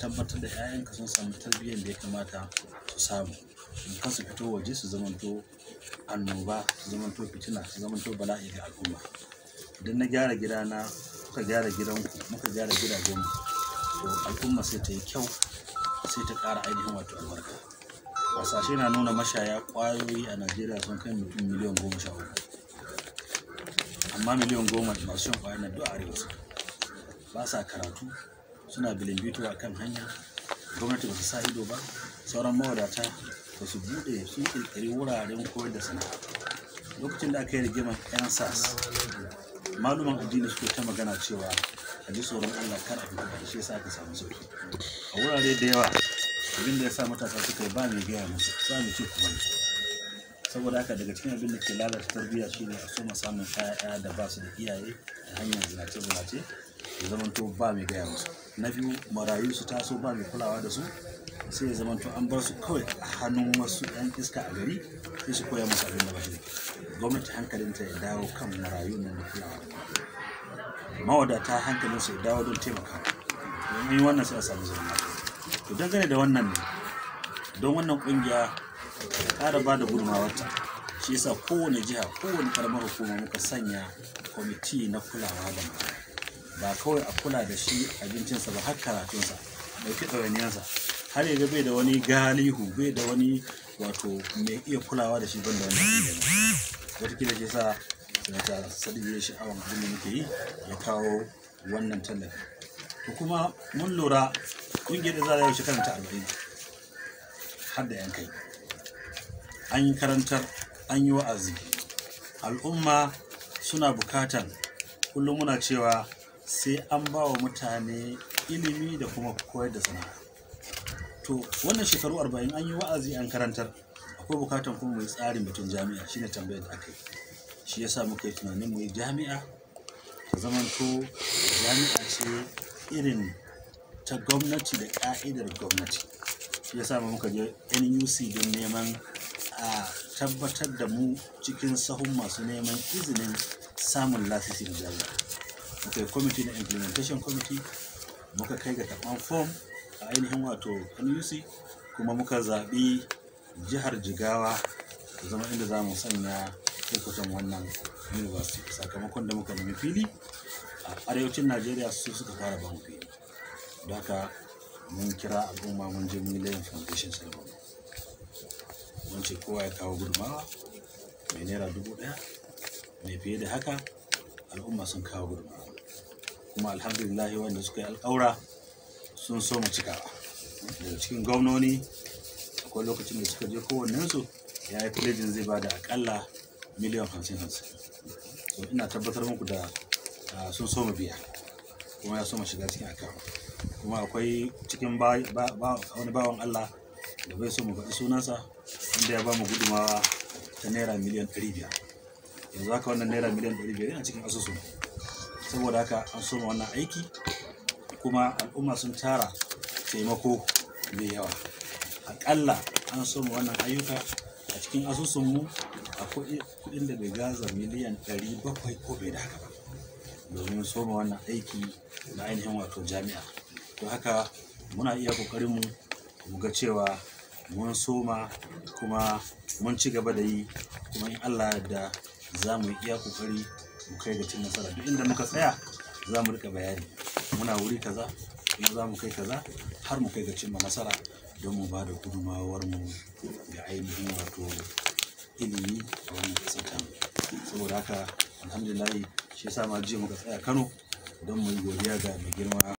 tabbatar da 'ya'yanka sun samu tarbiyyar da ya kamata su samu in kan su fito waje su zamanto annoba su zamanto fitina su zamanto bala'i ga al'umma idan na gyara gidana muka gyara gidanku muka gyara gidajenmu to al'umma sai ta yi kyau sai ta ƙara ainihin wato albarka wasashe na nuna mashaya ƙwayoyi a najeriya sun kai mutum miliyan goma sha uku amma miliyan goma masu shan ƙwayar na duk arewa ba sa karatu suna bilimbito a kan hanya gwamnati ba su sa ido ba sauran mawadata ba su buɗe sun ƙirƙiri wuraren koyar da sana'a lokacin da aka yi rigimar yan sas maluman addini suke ta magana cewa a ji tsoron allah kar a fita da shi sa aka samu sauki a wurare da yawa abin da ya sa matasa suka yi ba mai gaya musu ba mai ce kuma saboda haka daga cikin abin da ke lalata tarbiyya shine a soma samun 'ya'ya da ba su da iyaye da hanyar zinace-zinace ya zamanto ba mai gaya musu na biyu marayu su taso ba mai kulawa da su sai ya zamanto an bar su kawai a hannun wasu yan iska a gari sai su koya musu abin da ba shi gwamnati hankalin ta ya dawo kan marayu nan da kulawa mawadata su ya dawo don taimaka domin wannan sai a samu zama to dangane da wannan ne don wannan kungiya ta ba da gudunmawarta shi yasa kowane jiha kowane karamar hukuma muka sanya kwamiti na kulawa da mara ba kawai a kula da shi abincinsa ba har karatunsa fi ɗawainiyarsa har yanzu bai da wani galihu bai da wani wato mai iya kulawa da shi ban da wannan watakila ke sa sanata sadi shi sha'awar abin da muke yi ya kawo wannan tallafi to kuma mun lura ƙungiyar da za a yau karanta arba'in har da yan kai an yi karantar an yi wa'azi al'umma suna bukatar kullum muna cewa sai an ba wa mutane ilimi da kuma koyar da sana'a to wannan shekaru arba'in an yi wa'azi an karantar akwai bukatan kuma mai tsarin mutum jami'a shine tambayar da aka yi shi ya sa muka yi tunanin mu yi jami'a ta zamanto jami'a ce irin ta gwamnati da ƙa'idar gwamnati shi yasa muka je nuc don neman a tabbatar da mu cikin sahun masu neman izinin samun lasisi na jami'a muka yi kwamiti na implementation committee muka kai ga taban form a ainihin wato nuc kuma muka zaɓi jihar jigawa da zama inda za mu sanya hukutan wannan university sakamakon da muka nemi fili a arewacin najeriya su suka fara ba mu fili haka mun kira al'umma mun je mun yi foundation ceremony mun ce kowa ya kawo gudunmawa mai naira dubu ɗaya mai fiye da haka al'umma sun kawo gudunmawa kuma alhamdulillah wanda suka yi alƙawura sun so mu cikawa daga cikin gwamnoni akwai lokacin da suka je kowannensu ya yi filejin zai ba da akalla miliyan hamsin hamsin so ina tabbatar muku da sun so mu biya kuma ya so mu shiga cikin akawa kuma akwai cikin wani bawan allah da bai so mu faɗi sunansa inda ya ba mu gudumawa ta naira miliyan ɗari biyar yanzu haka wannan naira miliyan ɗari biyar yana cikin asusun saboda haka an soma wannan aiki kuma al'umma sun tara taimako mai yawa akalla an soma wannan ayyuka a cikin asusun mu akwai kuɗin da bai gaza miliyan 700 ko bai da haka domin soma wannan aiki na ainihin wato jami'a to haka muna iya ƙoƙarinmu mu ga cewa mun soma kuma mun ci gaba da yi kuma in allah da za mu iya kokari mu kai ga cin nasara duk inda muka tsaya za mu rika bayani muna wuri kaza kuma za mu kai kaza har mu kai ga cin nasara don mu ba da gudumawar mu ga ainihin wato ilimi a wannan kasar saboda haka alhamdulillah shi yasa ma jiya muka tsaya kano don mu yi godiya ga mai girma